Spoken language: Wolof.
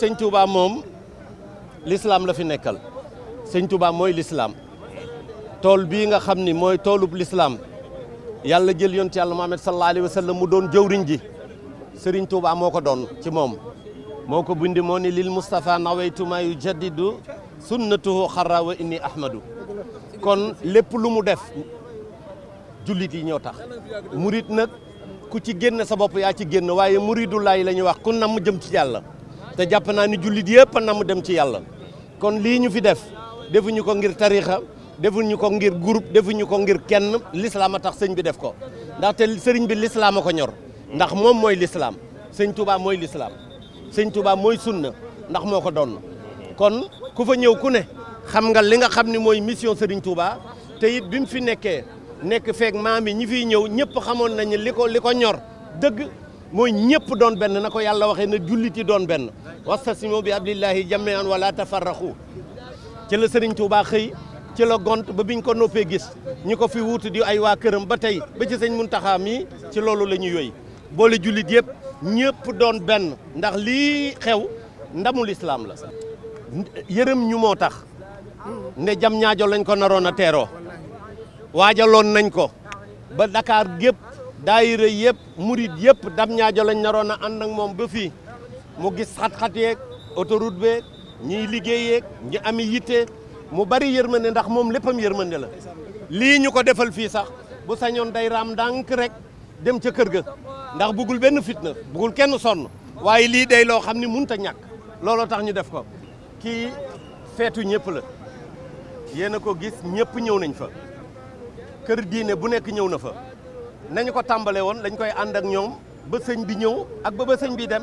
sëñ tuubaa moom l'islam la fi nekkal sëñ Touba mooy l'islam tool bii nga xam ni mooy toolub l'islam yàlla jël yont yàlla Muhammad sallallahu alayhi wa mu doon jëwriñ ji sëriñ Touba moo ko doon ci moom moo ko bindi moo ni lil Moustapha nawaytuma yu jaddidu sunnatuhu xarra wa inni ahmadu kon lépp lu mu def jullit yi ñoo tax murit nag ku ci génn sa bopp yaa ci génn waaye muridullaay la ñuy wax ku nam jëm ci yàlla te jàpp naa ni jullit yëpp na mu dem ci yàlla kon lii ñu fi def defuñu ko ngir tariixa defuñu ko ngir groupe defuñu ko ngir kenn lislaama tax sëñ bi def ko ndaxte sëriñ bi lislaam a ko ñor ndax moom mooy lislaam sëñ Touba mooy lislaam sëñ Touba mooy sunna ndax moo ko doon kon ku fa ñëw ku ne xam nga li nga xam ni mooy mission sëriñ Touba te it bi mu fi nekkee nekk feek maam yi ñi fiy ñëw ñëpp xamoon nañu li ko li ko ñor dëgg mooy ñëpp doon benn na ko yàlla waxee na jullit yi doon benn wastasimu bi abdillahi jami'an wala tafarrahu ci la serigne touba xey ci le gont ba biñ ko noppé gis ñiko fi wutu di ay wa kërëm ba tay ba ci serigne muntaha mi ci lolu lañu yoy le julit yépp ñepp doon ben ndax li xew ndamul islam la yërëm ñu motax ne jam ñaajo lañ ko narona téro wajalon nañ ko ba dakar gep daayira yépp murid yépp dam ñaajo lañ narona and ak mom ba fi mu gis xat-xat yeeg autoroute beeg ñiy liggéey yeeg ñi ami yitte mu bari yërmande ndax moom léppam yërmande la lii ñu ko defal fii sax bu sañoon day raam ndànk rek dem ca kër ga ndax bëggul benn fitna bëggul kenn sonn waaye lii dey loo xam ni mënut a ñàkk looloo tax ñu def ko kii feetu ñëpp la yéen a ko gis ñëpp ñëw nañ fa kër diine bu nekk ñëw na fa nañu ko tàmbale woon dañ koy ànd ak ñoom ba sëñ bi ñëw ak ba ba bi dem